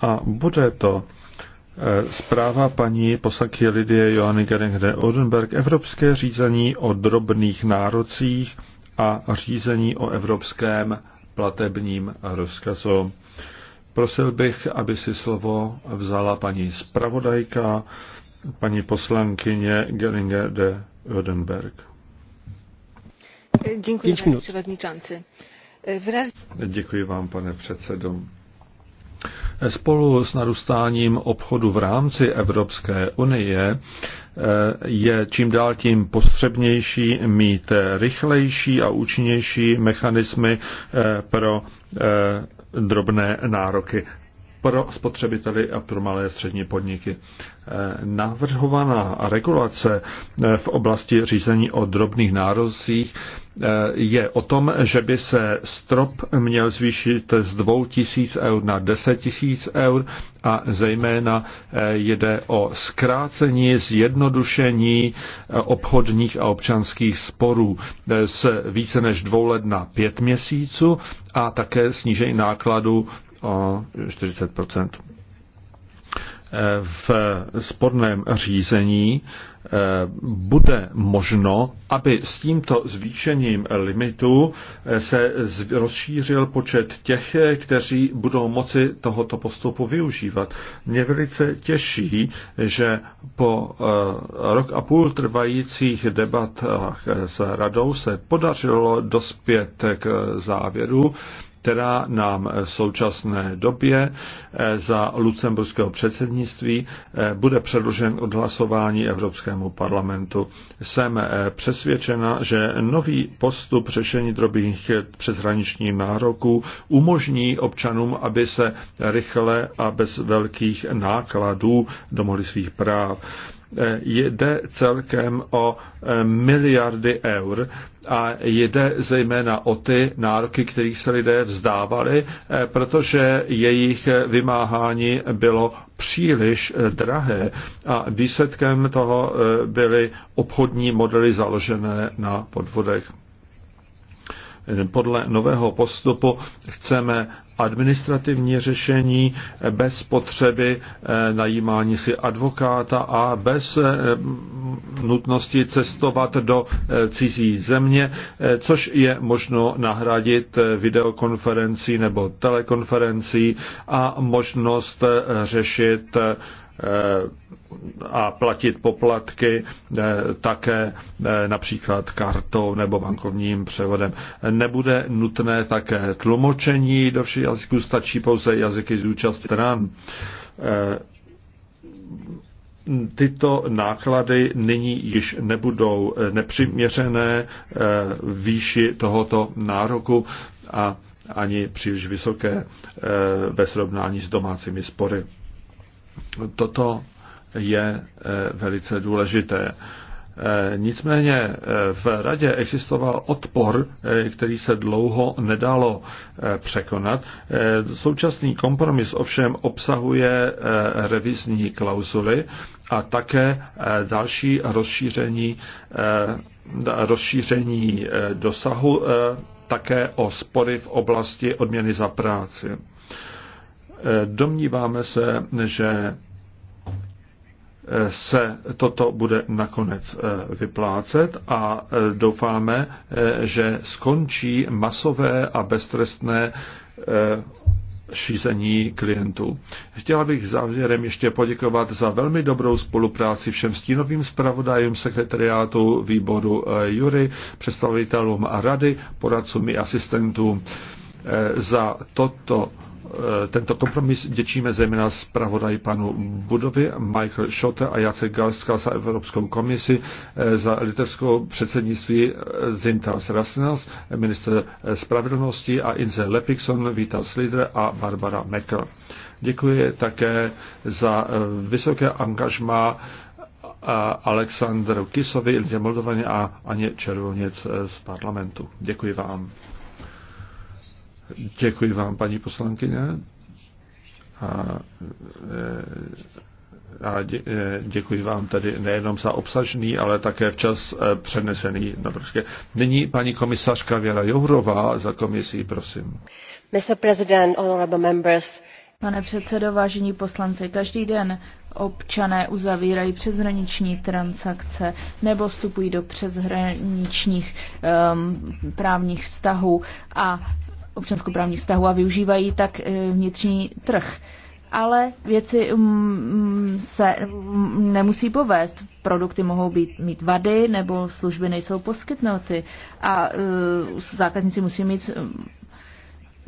A bude to e, zpráva paní poslanky Lidie Johany de Odenberg Evropské řízení o drobných nárocích a řízení o evropském platebním rozkazu. Prosil bych, aby si slovo vzala paní zpravodajka, paní poslankyně Geringe de Odenberg. Děkuji, pane předsedající. Děkuji vám, pane předsedo. Spolu s narůstáním obchodu v rámci Evropské unie eh, je čím dál tím postřebnější mít rychlejší a účinnější mechanismy eh, pro eh, drobné nároky pro spotřebiteli a pro malé a střední podniky. Eh, navrhovaná regulace eh, v oblasti řízení o drobných nározích eh, je o tom, že by se strop měl zvýšit z 2000 eur na 10 000 eur a zejména jde o zkrácení, zjednodušení obchodních a občanských sporů z více než dvou let na pět měsíců a také snížení nákladů o 40 v sporném řízení eh, bude možno, aby s tímto zvýšením limitu eh, se rozšířil počet těch, eh, kteří budou moci tohoto postupu využívat. Mě velice těší, že po rok a půl trvajících debatách s radou se podařilo dospět k závěru, která nám v současné době eh, za lucemburského předsednictví eh, bude předložen odhlasování Evropskému parlamentu. Jsem eh, přesvědčena, že nový postup řešení drobných přeshraničních nároků umožní občanům, aby se rychle a bez velkých nákladů domohli svých práv. Eh, jde celkem o eh, miliardy eur a jde zejména o ty nároky, kterých se lidé vzdávali, eh, protože jejich vymáhání bylo příliš drahé a výsledkem toho byly obchodní modely založené na podvodech podle nového postupu chceme administrativní řešení bez potřeby eh, najímání si advokáta a bez eh, nutnosti cestovat do eh, cizí země, což je možno nahradit videokonferencí nebo telekonferencí a možnost řešit Eh, a platit poplatky eh, také eh, například kartou nebo bankovním převodem. Nebude nutné také tlumočení do všech jazyků, stačí pouze jazyky zúčast stran. Tyto náklady nyní již nebudou nepřiměřené výši tohoto nároku a ani příliš vysoké ve srovnání s domácími spory. Toto je eh, velice důležité. Eh, nicméně eh, v radě existoval odpor, který se dlouho nedalo překonat. Současný kompromis ovšem obsahuje revizní klauzuly a také další rozšíření, rozšíření dosahu také o spory v oblasti odměny za práci. Domníváme se, že eh, se toto bude nakonec eh, vyplácet a eh, doufáme, že skončí masové a beztrestné šízení klientů. Chtěla bych závěrem ještě poděkovat za velmi dobrou spolupráci všem stínovým zpravodajům sekretariátu výboru Jury, představitelům a rady, poradcům i asistentům za toto Eh, tento kompromis děčíme zejména zpravodaj panu Budovi, Michael Schotte a Jacek Galska za Evropskou komisi, eh, za litevskou předsednictví eh, Zintas Rasnels, minister spravedlnosti a Inze Lepikson, Vítal Slidre a Barbara Mekl. Děkuji také za vysoké angažma Aleksandru Kisovi, Lidě Moldovaně a Aně Červoněc z parlamentu. Děkuji vám. Děkuji vám, paní poslankyně. A, e, a dě, e, děkuji vám tedy nejenom za obsažný, ale také včas e, přenesený na Nyní paní komisařka Věra Jourová za komisí, prosím. Mr. President, honorable members, Pane předsedo, vážení poslanci, každý den občané uzavírají přeshraniční transakce nebo vstupují do přeshraničních um, právních vztahů a občanskoprávních vztahů a využívají tak eh, vnitřní trh. Ale věci mm, mm, se mm, nemusí povést. Produkty mohou být, mít vady nebo služby nejsou poskytnuty a eh, zákazníci musí mít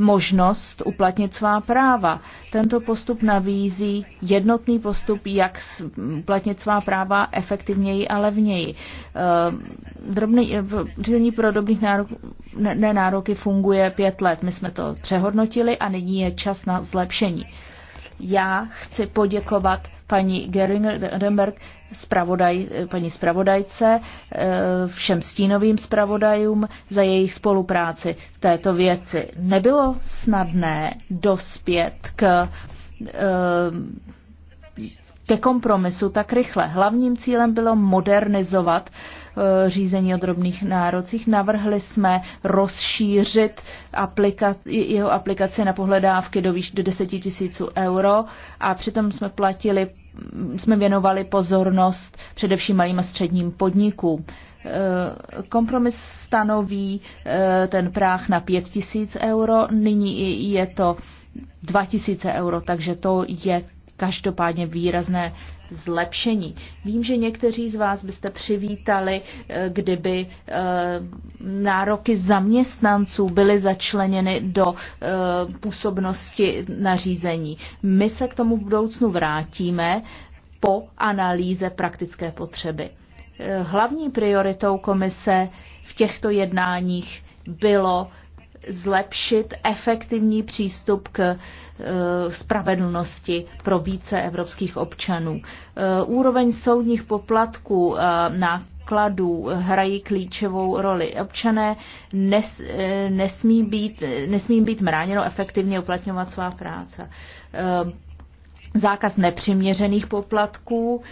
možnost uplatnit svá práva. Tento postup nabízí jednotný postup, jak uplatnit svá práva efektivněji a levněji. Eh, drobný, eh, řízení pro drobných nárok, ne, nároky funguje pět let. My jsme to přehodnotili a nyní je čas na zlepšení. Já chci poděkovat paní geringer remberg spravodaj, paní spravodajce, eh, všem stínovým spravodajům za jejich spolupráci v této věci. Nebylo snadné dospět k eh, ke kompromisu tak rychle. Hlavním cílem bylo modernizovat eh, řízení o drobných nárocích. Navrhli jsme rozšířit aplika- jeho aplikaci na pohledávky do výš do 10 000 euro a přitom jsme platili jsme věnovali pozornost především malým a středním podnikům. E, kompromis stanoví e, ten práh na 5 tisíc euro, nyní je to 2 tisíce euro, takže to je každopádně výrazné zlepšení. Vím, že někteří z vás byste přivítali, eh, kdyby eh, nároky zaměstnanců byly začleněny do eh, působnosti nařízení. My se k tomu v budoucnu vrátíme po analýze praktické potřeby. Hlavní prioritou komise v těchto jednáních bylo zlepšit efektivní přístup k eh, spravedlnosti pro více evropských občanů. Eh, úroveň soudních poplatků na eh, nákladů hrají klíčovou roli. Občané nes, nesmí, být, nesmí být mráněno efektivně uplatňovat svá práce. Zákaz nepřiměřených poplatků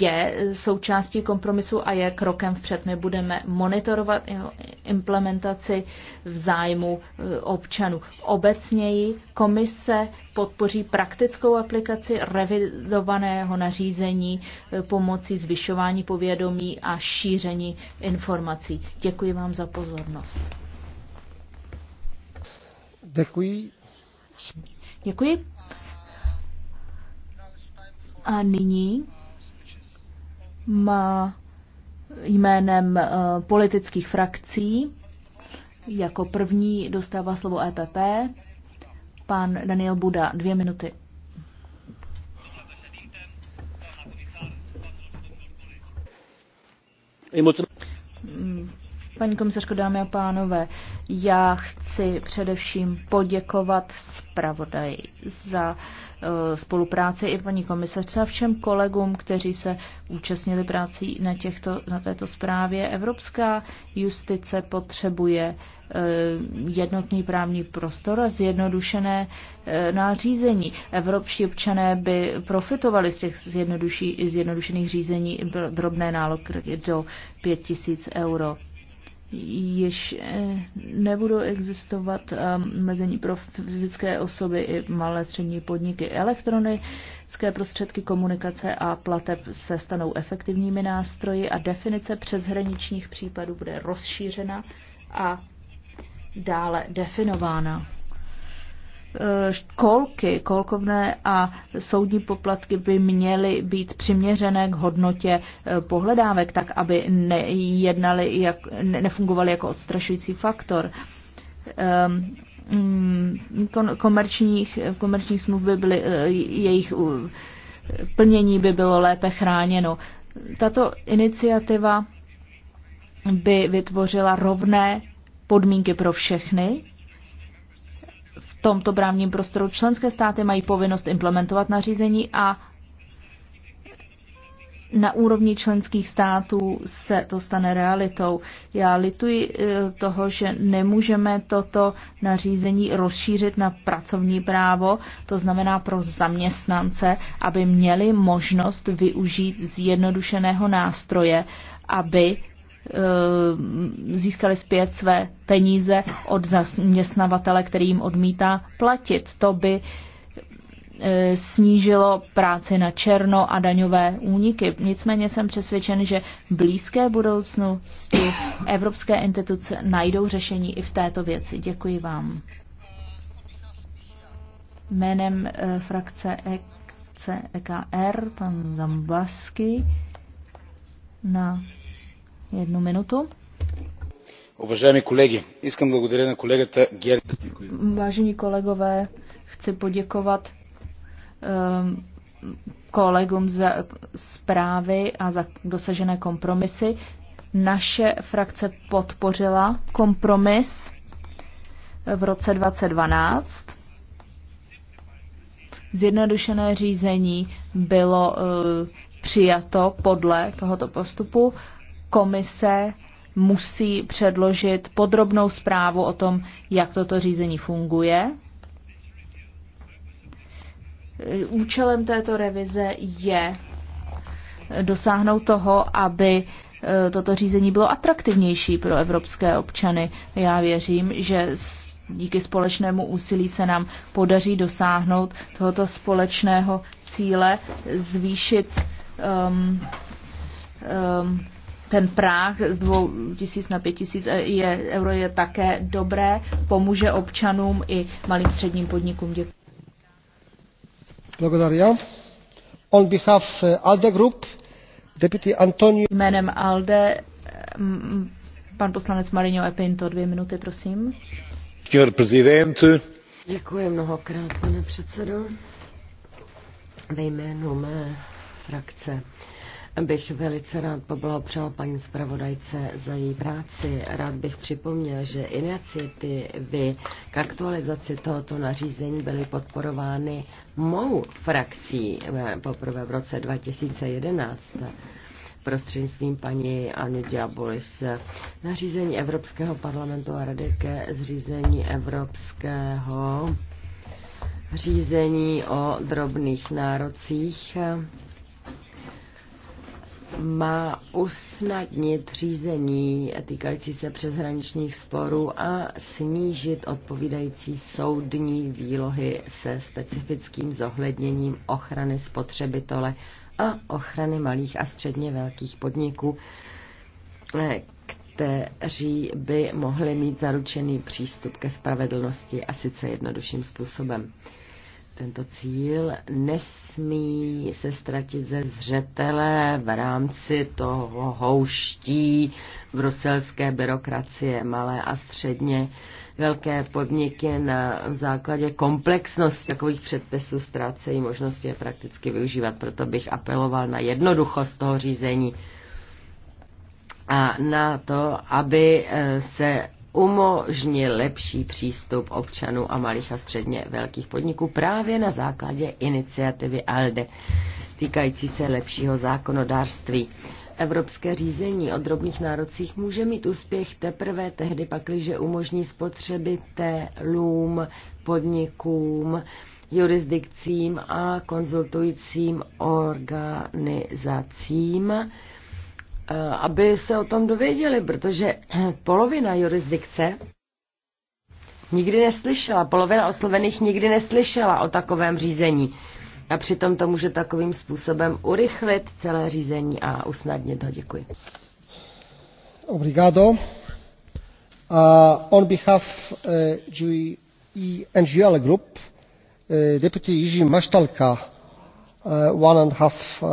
je součástí kompromisu a je krokem vpřed. My budeme monitorovat jeho implementaci v zájmu eh, občanů. Obecněji komise podpoří praktickou aplikaci revidovaného nařízení eh, pomocí zvyšování povědomí a šíření informací. Děkuji vám za pozornost. Děkuji. Děkuji. A nyní má jménem eh, politických frakcí jako první dostává slovo EPP pan Daniel Buda. Dvě minuty. Mm, Paní komisařko, dámy a pánové, já chci především poděkovat zpravodaji za eh, spolupráci i paní komisařce a všem kolegům, kteří se účastnili práci na, těchto, na této zprávě. Evropská justice potřebuje eh, jednotný právní prostor a zjednodušené eh, nářízení. Evropští občané by profitovali z těch zjednodušených řízení drobné náloky do 5000 euro již eh, nebudou existovat ehm, mezení pro fyzické osoby i malé střední podniky. Elektronické prostředky komunikace a plateb se stanou efektivními nástroji a definice přeshraničních případů bude rozšířena a dále definována školky, eh, kolkovné a soudní poplatky by měly být přiměřené k hodnotě eh, pohledávek, tak aby nejednali, jak, nefungovaly jako odstrašující faktor. Ehm, mm, komerčních, komerčních smluv by byly, eh, jejich plnění by bylo lépe chráněno. Tato iniciativa by vytvořila rovné podmínky pro všechny tomto právním prostoru. Členské státy mají povinnost implementovat nařízení a na úrovni členských států se to stane realitou. Já lituji eh, toho, že nemůžeme toto nařízení rozšířit na pracovní právo, to znamená pro zaměstnance, aby měli možnost využít zjednodušeného nástroje, aby Eh, získali zpět své peníze od zaměstnavatele, který jim odmítá platit. To by eh, snížilo práci na černo a daňové úniky. Nicméně jsem přesvědčen, že v blízké budoucnosti evropské instituce najdou řešení i v této věci. Děkuji vám. Jménem eh, frakce EKR, e pan Zambasky, na jednu minutu. Uvažujeme kolegy, благодаря na kolegata Vážení kolegové, chci poděkovat um, kolegům za zprávy a za dosažené kompromisy. Naše frakce podpořila kompromis v roce 2012. Zjednodušené řízení bylo e, přijato podle tohoto postupu komise musí předložit podrobnou zprávu o tom, jak toto řízení funguje. Účelem této revize je dosáhnout toho, aby e, toto řízení bylo atraktivnější pro evropské občany. Já věřím, že díky společnému úsilí se nám podaří dosáhnout tohoto společného cíle, zvýšit um, um, ten práh z 2000 na 5000 je, euro je také dobré, pomůže občanům i malým středním podnikům. Děkuji. On behalf eh, ALDE Group, deputy Antonio... Jménem ALDE, mm, pan poslanec Marino Epinto, dvě minuty, prosím. Děkuji mnohokrát, pane předsedo. Ve jménu mé frakce bych velice rád poblahopřál paní zpravodajce za její práci. Rád bych připomněl, že iniciativy k aktualizaci tohoto nařízení byly podporovány mou frakcí eh, poprvé v roce 2011 prostřednictvím paní Anu Diabolis nařízení Evropského parlamentu a rady ke zřízení Evropského řízení o drobných nárocích má usnadnit řízení týkající se přeshraničních sporů a snížit odpovídající soudní výlohy se specifickým zohledněním ochrany spotřebitele a ochrany malých a středně velkých podniků, eh, kteří by mohli mít zaručený přístup ke spravedlnosti a sice jednodušším způsobem tento cíl nesmí se ztratit ze zřetele v rámci toho houští bruselské byrokracie, malé a středně velké podniky na základě komplexnosti takových předpisů ztrácejí možnosti je prakticky využívat. Proto bych apeloval na jednoduchost toho řízení a na to, aby eh, se umožnil lepší přístup občanů a malých a středně velkých podniků právě na základě iniciativy ALDE týkající se lepšího zákonodárství. Evropské řízení o drobných nárocích může mít úspěch teprve tehdy, pakliže umožní spotřebitelům, podnikům, jurisdikcím a konzultujícím organizacím Eh, aby se o tom dověděli, protože polovina jurisdikce nikdy neslyšela, polovina oslovených nikdy neslyšela o takovém řízení. A přitom to může takovým způsobem urychlit celé řízení a usnadnit ho. Děkuji. Obrigado. Uh, on behalf uh, eh, e NGL Group, uh, Deputy Jiří Maštalka, uh, one and a half uh,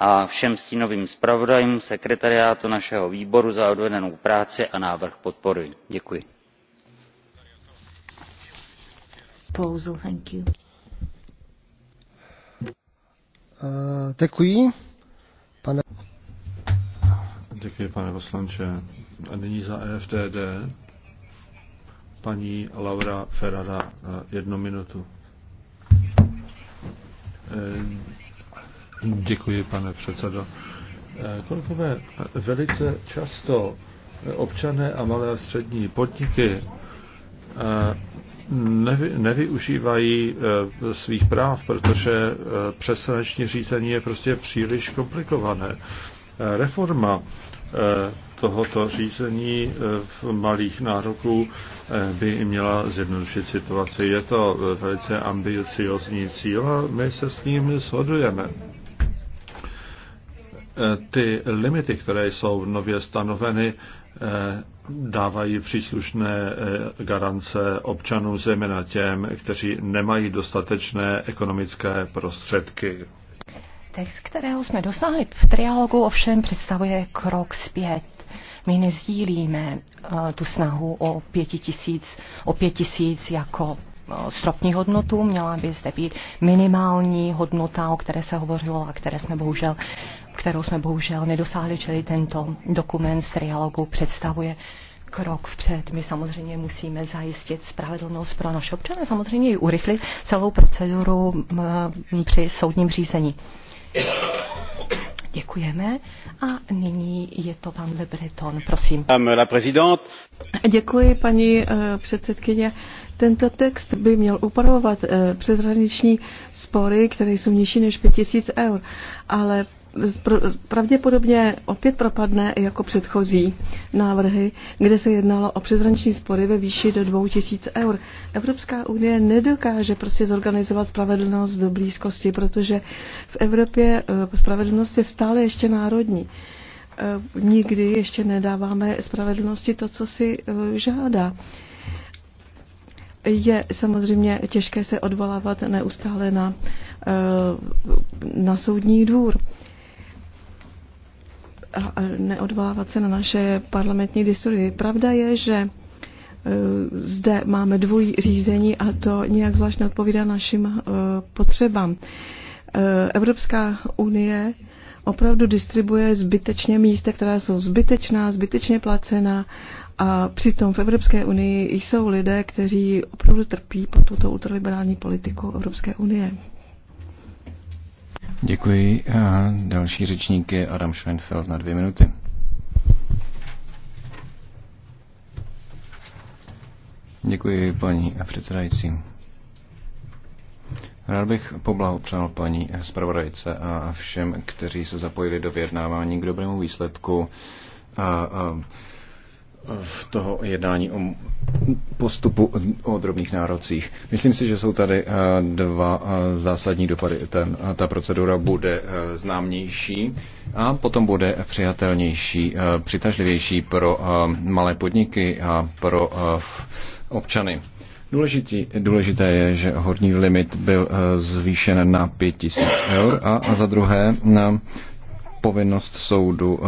a všem stínovým zpravodajům sekretariátu našeho výboru za odvedenou práci a návrh podporuji. děkuji. Eh, děkuji. Pane... Děkuji, pane poslanče. A nyní za EFTD paní Laura Ferrara eh, jednu minutu. Eh, Děkuji, pane předsedo. Eh, kolegové, velice často eh, občané a malé a střední podniky eh, nevy, nevyužívají svých práv, protože přeshraniční řízení je prostě příliš komplikované. Reforma tohoto řízení v malých nároků by měla zjednodušit situaci. Je to velice ambiciozní cíl a my se s ním shodujeme. Eh, ty limity, které jsou nově stanoveny, eh, dávají příslušné eh, garance občanům, zejména těm, kteří nemají dostatečné ekonomické prostředky. Text, kterého jsme dosáhli v triálogu, ovšem představuje krok zpět. My nezdílíme tu snahu o pět tisíc, o pět tisíc jako stropní hodnotu, měla by zde být minimální hodnota, o které se hovořilo a které jsme bohužel kterou jsme bohužel nedosáhli, čili tento dokument z trialogu představuje krok vpřed. My samozřejmě musíme zajistit spravedlnost pro naše občany, samozřejmě i urychlit celou proceduru při soudním řízení. Děkujeme. A nyní je to pan Le Breton, prosím. Děkuji, paní eh, předsedkyně. Tento text by měl upravovat eh, přeshraniční spory, které jsou nižší než 5000 eur, ale pravděpodobně opět propadne jako předchozí návrhy, kde se jednalo o přezranční spory ve výši do 2000 eur. Evropská unie nedokáže prostě zorganizovat spravedlnost do blízkosti, protože v Evropě eh, spravedlnost je stále ještě národní. Eh, nikdy ještě nedáváme spravedlnosti to, co si eh, žádá je samozřejmě těžké se odvolávat neustále na, na soudní dvůr neodvolávat se na naše parlamentní historii. Pravda je, že e, zde máme dvojí řízení a to nějak zvlášť neodpovídá našim e, potřebám. E, Evropská unie opravdu distribuje zbytečně místa, která jsou zbytečná, zbytečně placená a přitom v Evropské unii jsou lidé, kteří opravdu trpí pod tuto ultraliberální politikou Evropské unie. Děkuji. A další řečník je Adam Schweinfeld na dvě minuty. Děkuji, paní předsedající. Rád bych poblahopřál paní zpravodajce a všem, kteří se zapojili do vyjednávání k dobrému výsledku. A, a, v toho jednání o postupu o drobných nárocích. Myslím si, že jsou tady eh, dva eh, zásadní dopady. Ten, eh, ta procedura bude známější a potom bude přijatelnější, přitažlivější pro malé podniky a pro občany. Důležitý, důležité je, že horní limit byl zvýšen na 5000 eur a, a za druhé na povinnost soudu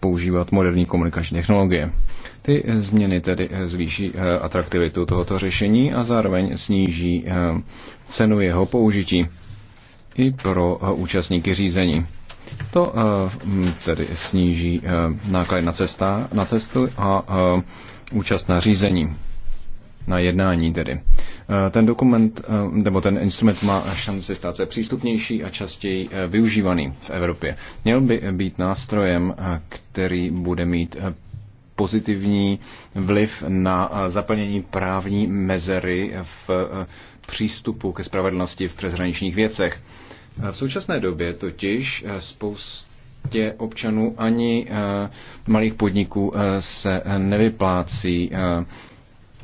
používat moderní komunikační technologie. Ty změny tedy eh, zvýší eh, atraktivitu tohoto řešení a zároveň sníží eh, cenu jeho použití i pro účastníky řízení. To tedy sníží náklady na, cesta, na cestu a účast na řízení na jednání tedy. Ten dokument, nebo ten instrument má šanci stát se přístupnější a častěji využívaný v Evropě. Měl by být nástrojem, který bude mít pozitivní vliv na eh, zaplnění právní mezery v eh, přístupu ke spravedlnosti v přeshraničních věcech. Eh, v současné době totiž spoustě občanů ani malých podniků se nevyplácí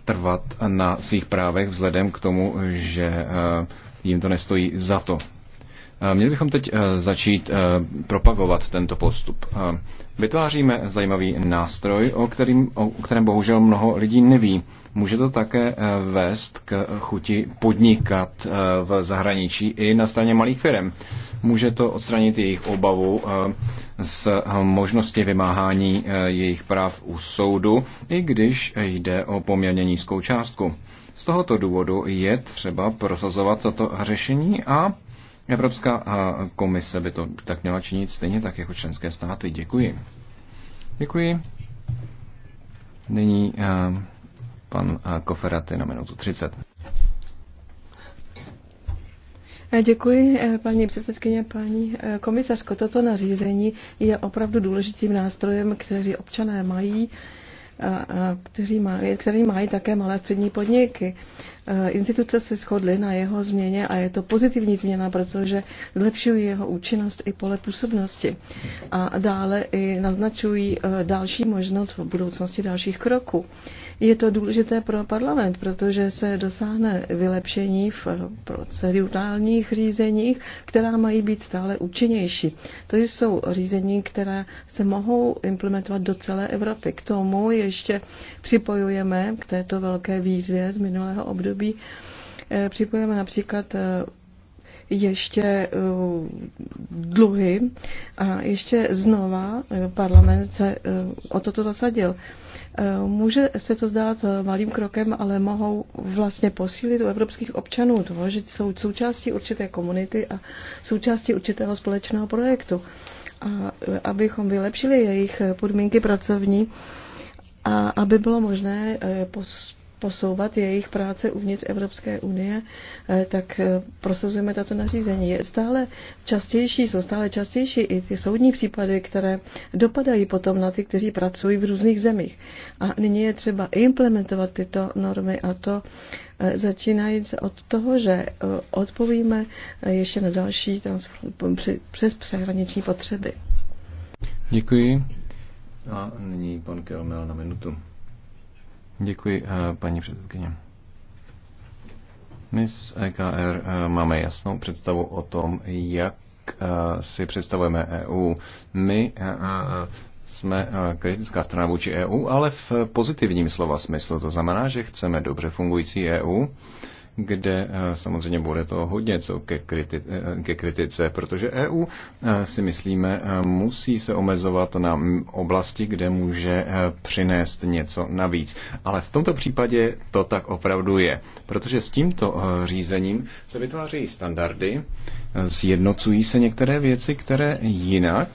trvat na svých právech vzhledem k tomu, že jim to nestojí za to. Eh, měli bychom teď eh, začít eh, propagovat tento postup. Vytváříme zajímavý nástroj, o, kterém, o kterém bohužel mnoho lidí neví. Může to také vést k chuti podnikat v zahraničí i na straně malých firm. Může to odstranit jejich obavu z možnosti vymáhání jejich práv u soudu, i když jde o poměrně nízkou částku. Z tohoto důvodu je třeba prosazovat toto řešení a Evropská komise by to tak měla činit stejně tak jako členské státy. Děkuji. Děkuji. Nyní pan Koferaty na minutu 30. Děkuji, e, paní předsedkyně, paní e, komisařko. Toto nařízení je opravdu důležitým nástrojem, který občané mají, a, a, kteří mají, který mají také malé střední podniky. Eh, instituce se shodly na jeho změně a je to pozitivní změna, protože zlepšují jeho účinnost i pole působnosti. A dále i naznačují eh, další možnost v budoucnosti dalších kroků. Je to důležité pro parlament, protože se dosáhne vylepšení v procedurálních řízeních, která mají být stále účinnější. To jsou řízení, která se mohou implementovat do celé Evropy. K tomu ještě připojujeme k této velké výzvě z minulého období období. Eh, připojujeme například eh, ještě eh, dluhy a ještě znova parlament se o toto zasadil. Může se to zdát malým krokem, ale mohou vlastně posílit u evropských občanů to, že jsou součástí určité komunity a součástí určitého společného projektu. A abychom vylepšili jejich podmínky pracovní, a aby bylo možné posouvat jejich práce uvnitř Evropské unie, eh, tak eh, prosazujeme tato nařízení. Je stále častější, jsou stále častější i ty soudní případy, které dopadají potom na ty, kteří pracují v různých zemích. A nyní je třeba implementovat tyto normy a to eh, začínajíc od toho, že odpovíme ještě na další přes přehraniční potřeby. Děkuji. A nyní pan Kelmel na minutu. Děkuji, eh, paní předsedkyně. My z EKR eh, máme jasnou představu o tom, jak eh, si představujeme EU. My jsme kritická strana vůči EU, ale v pozitivním slova smyslu. To znamená, že chceme dobře fungující EU, kde eh, samozřejmě bude to hodně co ke, kriti- eh, ke kritice, protože EU eh, si myslíme musí se omezovat na oblasti, kde může přinést něco navíc. Ale v tomto případě to tak opravdu je, protože s tímto řízením se vytvářejí standardy, sjednocují se některé věci, které jinak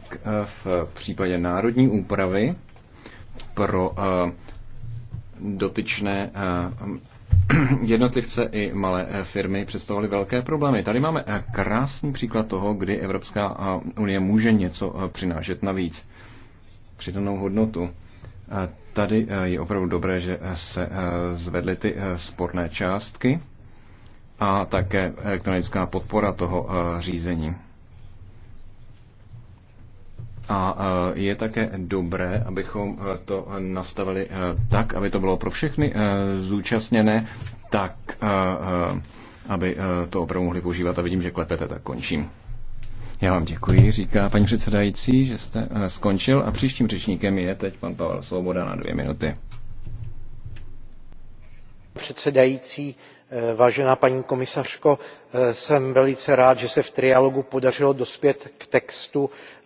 v případě národní úpravy pro dotyčné jednotlivce i malé eh, firmy představovaly velké problémy. Tady máme eh, krásný příklad toho, kdy Evropská eh, unie může něco přinášet navíc, přidanou hodnotu. Tady je opravdu dobré, že se zvedly ty sporné částky a také elektronická podpora toho řízení. A e, je také dobré, abychom e, to nastavili e, tak, aby to bylo pro všechny zúčastněné, tak aby to opravdu mohli používat. A vidím, že klepete, tak končím. Já vám děkuji, říká paní předsedající, že jste skončil a příštím řečníkem je teď pan Pavel Svoboda na dvě minuty. Předsedající, vážená paní komisařko jsem velice rád že se v trialogu podařilo dospět k textu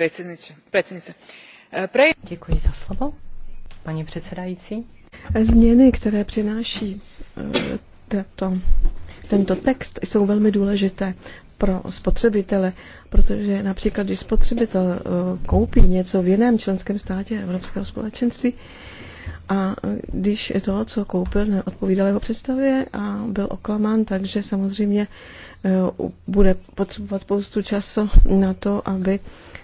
Eh, za slovo, paní předsedající. Změny, které přináší eh, tato, tento text, jsou velmi důležité pro spotřebitele, protože například, když spotřebitel eh, koupí něco v jiném členském státě Evropského společenství, a když to, co koupil, neodpovídalo jeho představě a byl oklamán, takže samozřejmě e, bude potřebovat spoustu času na to, aby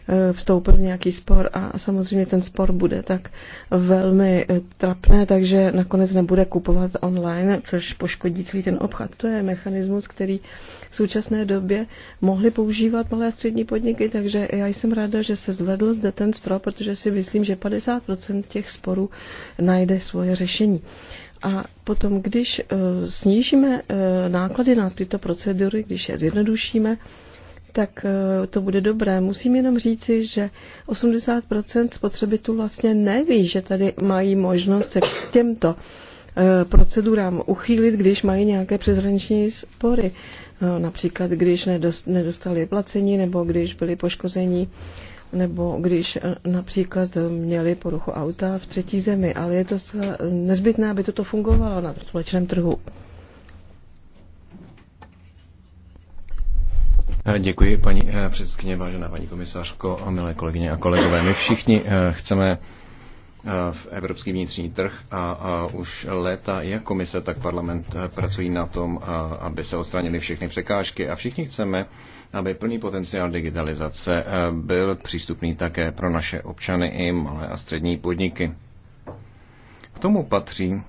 e, vstoupil v nějaký spor a samozřejmě ten spor bude tak velmi e, trapné, takže nakonec nebude kupovat online, což poškodí celý ten obchod. To je mechanismus, který v současné době mohli používat malé a střední podniky, takže já jsem ráda, že se zvedl zde ten strop, protože si myslím, že 50% těch sporů najde svoje řešení. A potom, když eh, snížíme eh, náklady na tyto procedury, když je zjednodušíme, tak eh, to bude dobré. Musím jenom říci, že 80% spotřebitů vlastně neví, že tady mají možnost se k těmto procedurám uchýlit, když mají nějaké přeshraniční spory. Například, když nedostali placení nebo když byli poškození nebo když eh, například eh, měli poruchu auta v třetí zemi, ale je to eh, nezbytné, aby toto fungovalo na společném trhu. Děkuji, paní předsedkyně, vážená paní komisařko, milé kolegyně a kolegové. My všichni chceme Eh, v evropský vnitřní trh a, a už léta jak komise, tak parlament eh, pracují na tom, a, eh, aby se odstranily všechny překážky. A všichni chceme, aby plný potenciál digitalizace byl přístupný také pro naše občany i malé a střední podniky. K tomu patří,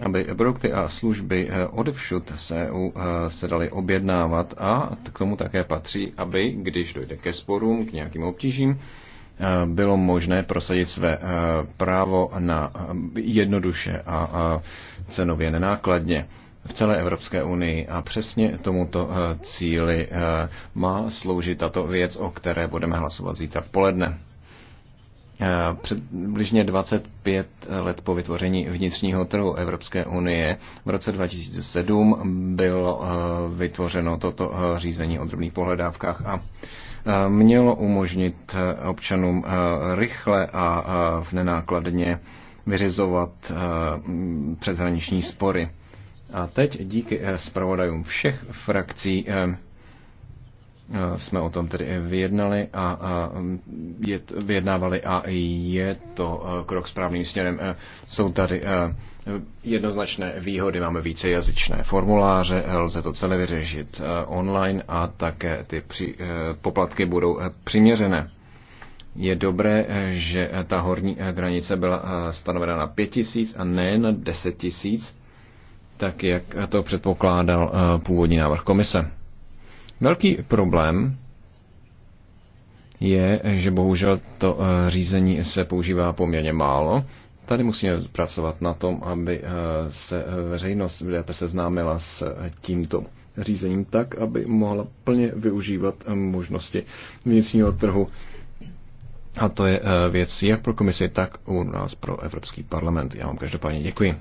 aby produkty a služby odevšud se, u, se daly objednávat a k tomu také patří, aby, když dojde ke sporům, k nějakým obtížím, Eh, bylo možné prosadit své eh, právo na eh, jednoduše a cenově nenákladně v celé Evropské unii a přesně tomuto cíli má sloužit tato věc, o které budeme hlasovat zítra v poledne. Přibližně 25 let po vytvoření vnitřního trhu Evropské unie v roce 2007 bylo vytvořeno toto řízení o drobných pohledávkách a Eh, mělo umožnit eh, občanům eh, rychle a v nenákladně vyřizovat přeshraniční spory. A teď díky zpravodajům všech frakcí Eh, jsme o tom tedy vyjednali a, mm, je, vyjednávali a je to eh, krok správným směrem. Eh, jsou tady jednoznačné výhody, máme více jazyčné formuláře, lze to celé vyřešit online a také ty při, poplatky budou přiměřené. Je dobré, že ta horní hranice byla stanovena na 5 tisíc a ne na 10 tisíc, tak jak to předpokládal původní návrh komise Velký problém je, že bohužel to eh, řízení se používá poměrně málo. Tady musíme pracovat na tom, aby eh, se eh, veřejnost lépe seznámila s tímto řízením tak, aby mohla plně využívat možnosti vnitřního trhu. A to je věc jak pro komisi, tak u nás pro Evropský parlament. Já vám každopádně děkuji.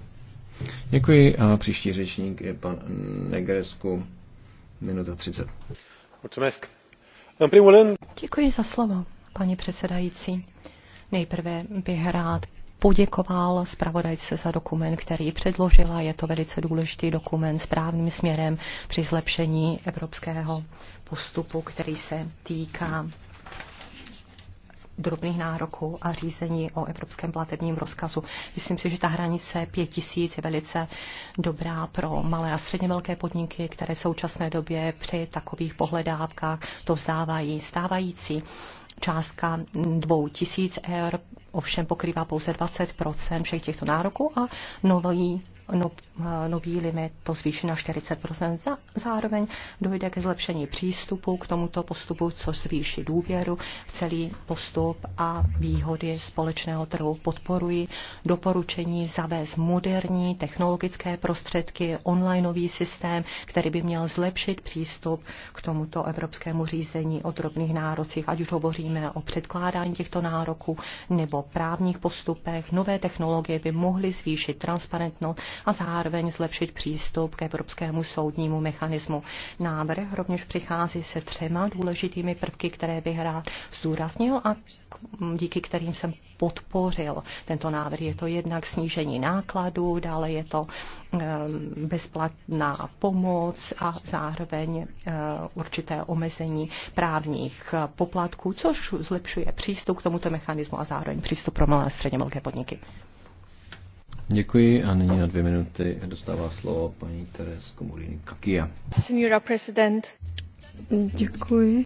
Děkuji a příští řečník je pan Negresku Děkuji za slovo, paní předsedající. Nejprve bych rád poděkoval zpravodajce za dokument, který předložila. Je to velice důležitý dokument správným směrem při zlepšení evropského postupu, který se týká drobných nároků a řízení o evropském platebním rozkazu. Myslím si, že ta hranice 5000 je velice dobrá pro malé a středně velké podniky, které v současné době při takových pohledávkách to vzdávají stávající částka 2000 eur ovšem pokrývá pouze 20 všech těchto nároků a nový no, nový limit, to zvýší na 40 Za, Zároveň dojde ke zlepšení přístupu k tomuto postupu, což zvýší důvěru v celý postup a výhody společného trhu. Podporuji doporučení zavést moderní technologické prostředky, onlineový systém, který by měl zlepšit přístup k tomuto evropskému řízení o drobných nárocích, ať už hovoříme o předkládání těchto nároků nebo právních postupech. Nové technologie by mohly zvýšit transparentnost a zároveň zlepšit přístup k Evropskému soudnímu mechanismu. Návrh rovněž přichází se třema důležitými prvky, které bych rád zdůraznil a díky kterým jsem podpořil tento návrh. Je to jednak snížení nákladů, dále je to eh, bezplatná pomoc a zároveň eh, určité omezení právních poplatků, což zlepšuje přístup k tomuto mechanismu a zároveň přístup pro malé a středně velké podniky. Děkuji a nyní na dvě minuty dostává slovo paní Teres Komurini Kakia. Signora President. Děkuji.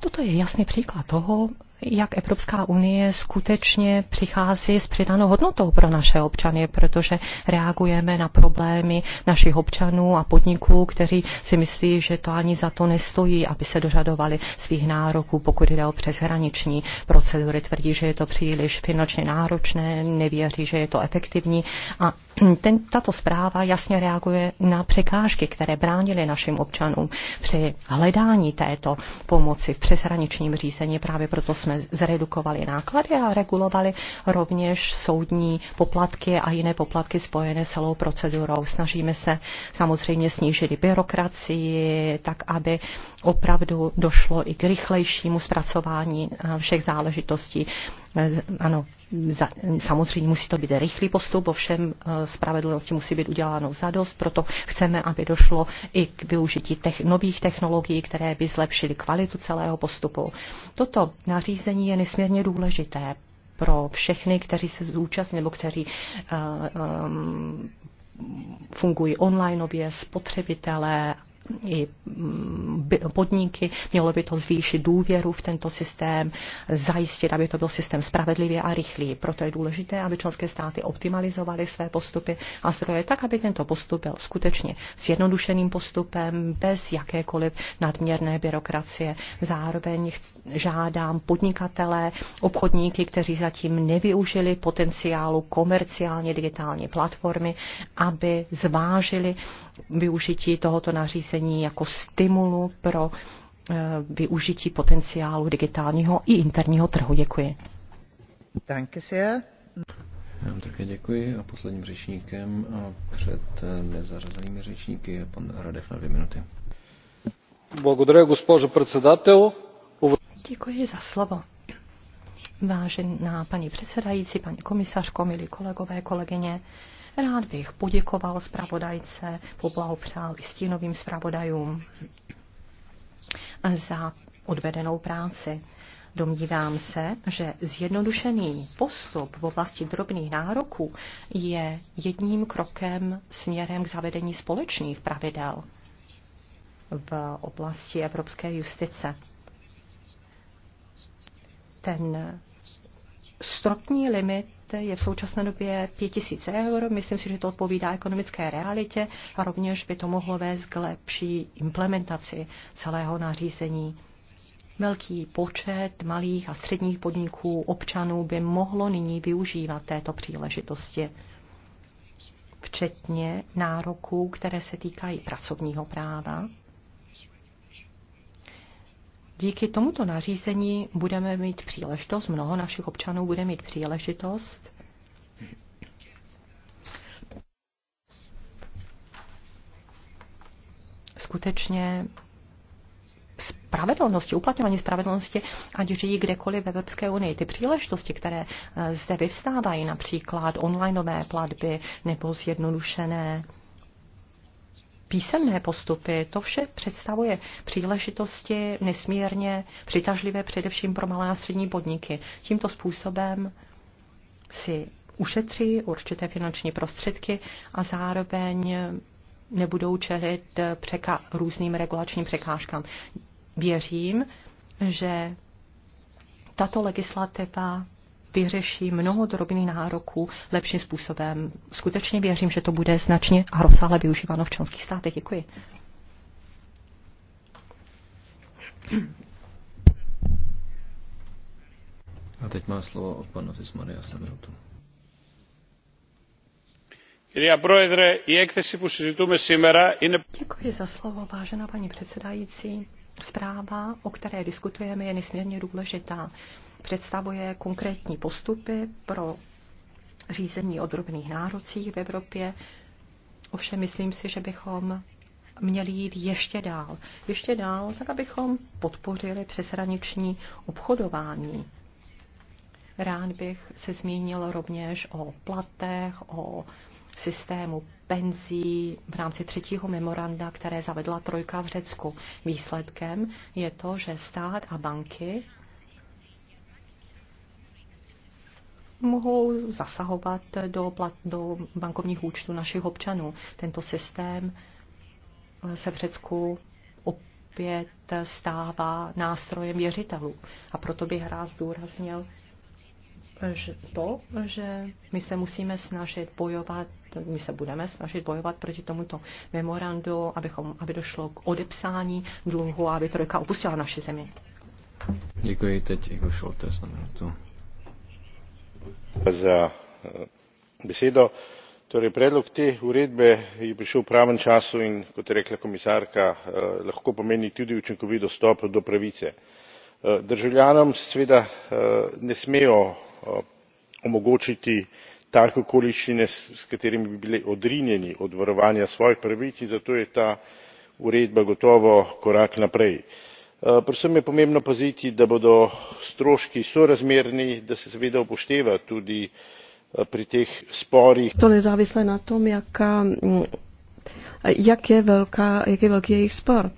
Toto je jasný příklad toho, jak Evropská unie skutečně přichází s přidanou hodnotou pro naše občany, protože reagujeme na problémy našich občanů a podniků, kteří si myslí, že to ani za to nestojí, aby se dožadovali svých nároků, pokud jde o přeshraniční procedury. Tvrdí, že je to příliš finančně náročné, nevěří, že je to efektivní a ten, tato zpráva jasně reaguje na překážky, které bránily našim občanům při hledání této pomoci v přeshraničním řízení. Právě proto jsme jsme zredukovali náklady a regulovali rovněž soudní poplatky a jiné poplatky spojené s celou procedurou. Snažíme se samozřejmě snížit byrokracii, tak aby opravdu došlo i k rychlejšímu zpracování eh, všech záležitostí. Eh, ano, Samozřejmě musí to být rychlý postup, ovšem eh, spravedlnosti musí být uděláno zadost, proto chceme, aby došlo i k využití tech, nových technologií, které by zlepšily kvalitu celého postupu. Toto nařízení je nesmírně důležité pro všechny, kteří se zúčastní nebo kteří uh, um, fungují obě, spotřebitelé i podniky, mělo by to zvýšit důvěru v tento systém, zajistit, aby to byl systém spravedlivý a rychlý. Proto je důležité, aby členské státy optimalizovaly své postupy a zdroje tak, aby tento postup byl skutečně zjednodušeným postupem, bez jakékoliv nadměrné byrokracie. Zároveň žádám podnikatele, obchodníky, kteří zatím nevyužili potenciálu komerciálně digitální platformy, aby zvážili využití tohoto nařízení jako stimulu pro eh, využití potenciálu digitálního i interního trhu. Děkuji. Danke sehr. Já vám také děkuji a posledním řečníkem a před eh, nezařazenými řečníky je pan Radev na dvě minuty. Děkuji za slovo. Vážená paní předsedající, paní komisařko, milí kolegové, kolegyně, Rád bych poděkoval zpravodajce, poblahopřál i stínovým zpravodajům za odvedenou práci. Domnívám se, že zjednodušený postup v oblasti drobných nároků je jedním krokem směrem k zavedení společných pravidel v oblasti evropské justice. Ten stropní limit je v současné době 5000 eur. Myslím si, že to odpovídá ekonomické realitě a rovněž by to mohlo vést k lepší implementaci celého nařízení. Velký počet malých a středních podniků občanů by mohlo nyní využívat této příležitosti, včetně nároků, které se týkají pracovního práva díky tomuto nařízení budeme mít příležitost, mnoho našich občanů bude mít příležitost skutečně spravedlnosti, uplatňování spravedlnosti, ať žijí kdekoliv v Evropské unii. Ty příležitosti, které eh, zde vyvstávají, například onlineové platby nebo zjednodušené písemné postupy, to vše představuje příležitosti nesmírně přitažlivé především pro malé a střední podniky. Tímto způsobem si ušetří určité finanční prostředky a zároveň nebudou čelit překa- různým regulačním překážkám. Věřím, že tato legislativa vyřeší mnoho drobných nároků lepším způsobem. Skutečně věřím, že to bude značně a rozsáhle využíváno v členských státech. Děkuji. A teď má slovo od pana Zismaria Samirotu. Děkuji za slovo, vážená paní předsedající. Zpráva, o které diskutujeme, je nesmírně důležitá představuje konkrétní postupy pro řízení o drobných nárocích v Evropě. Ovšem myslím si, že bychom měli jít ještě dál. Ještě dál, tak abychom podpořili přeshraniční obchodování. Rád bych se zmínil rovněž o platech, o systému penzí v rámci třetího memoranda, které zavedla Trojka v Řecku. Výsledkem je to, že stát a banky mohou zasahovat do, plat, do bankovních účtů našich občanů. Tento systém se v Řecku opět stává nástrojem věřitelů. A proto bych rád zdůraznil že to, že my se musíme snažit bojovat, my se budeme snažit bojovat proti tomuto memorandu, abychom, aby došlo k odepsání dluhu a aby trojka opustila naši zemi. Děkuji, teď Igor Šoltes na minutu. Eh, torej predlog te uredbe je prišel v pravem času in kot je rekla komisarka eh, lahko pomeni tudi učinkovit dostop do pravice. Eh, državljanom seveda ne smejo omogočiti take okoliščine s katerimi bi bili odrinjeni od varovanja svojih pravic in zato je ta uredba gotovo korak naprej. Eh, predvsem je pomembno paziti da bodo stroški sorazmerni da se seveda upošteva tudi eh, pri těch sporih. To nezávisle na tom, jaká, mm, jak, je velká, jak velký jejich spor.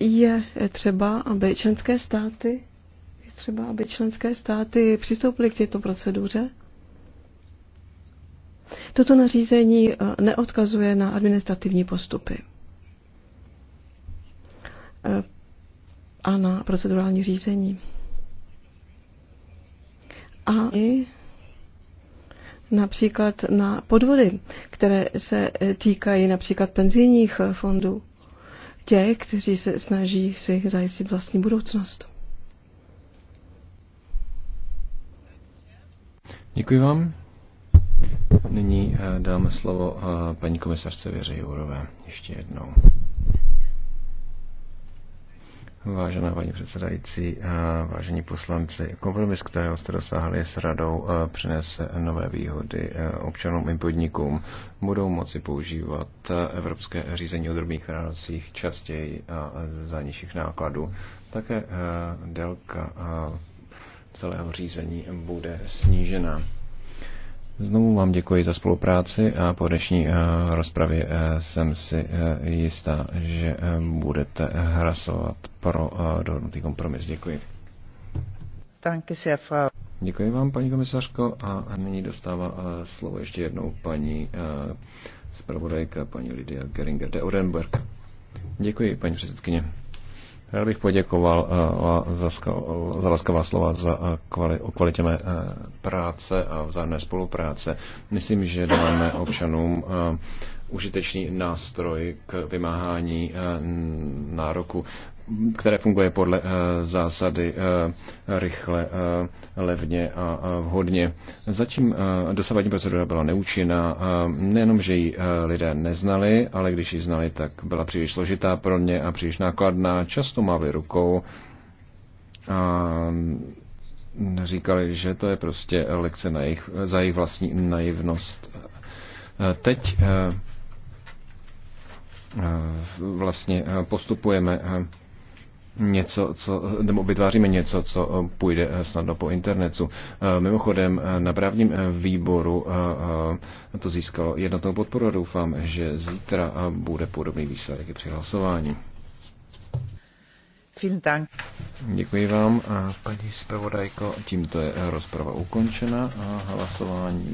Je třeba, aby členské státy je třeba, aby členské státy přistoupily k této proceduře. Toto nařízení eh, neodkazuje na administrativní postupy a na procedurální řízení. A i například na podvody, které se eh, týkají například penzijních eh, fondů, těch, kteří se snaží si zajistit vlastní budoucnost. Děkuji vám. Nyní eh, dáme slovo paní komisařce Věře Jourové ještě jednou. Vážená paní předsedající, eh, vážení poslanci, kompromis, kterého jste dosáhli s radou, eh, přinese nové výhody eh, občanům i podnikům. Budou moci používat evropské řízení o drobných financích častěji a za nižších nákladů. Také délka celého řízení bude snížena. Znovu vám děkuji za spolupráci a po dnešní eh, rozpravě eh, jsem si eh, jistá, že budete hlasovat pro dohodnutý kompromis. Děkuji. Děkuji vám, paní komisařko, a nyní dostává slovo ještě jednou paní zpravodajka, paní Lidia Geringer de Orenberg. Děkuji, paní předsedkyně. Rád bych poděkoval eh, za, za laskavá slova za eh, kvali, o kvalitě mé eh, práce a vzájemné spolupráce. Myslím, že dáme občanům užitečný nástroj k vymáhání nároku které funguje podle eh, zásady eh, rychle, eh, levně a vhodně. Zatím dosavadní procedura byla neúčinná, nejenom, že ji lidé neznali, ale když ji znali, tak byla příliš složitá pro ně a příliš nákladná, často mávli rukou a mm, říkali, že to je prostě lekce na jejich, za jejich vlastní naivnost. Teď vlastně postupujeme něco, co, nebo vytváříme něco, co eh, půjde eh, snadno po internetu. Eh, mimochodem, na právním výboru to získalo jednotnou podporu a doufám, že zítra bude podobný výsledek i při hlasování. Děkuji vám, paní zpravodajko. Tímto je rozprava ukončena a hlasování.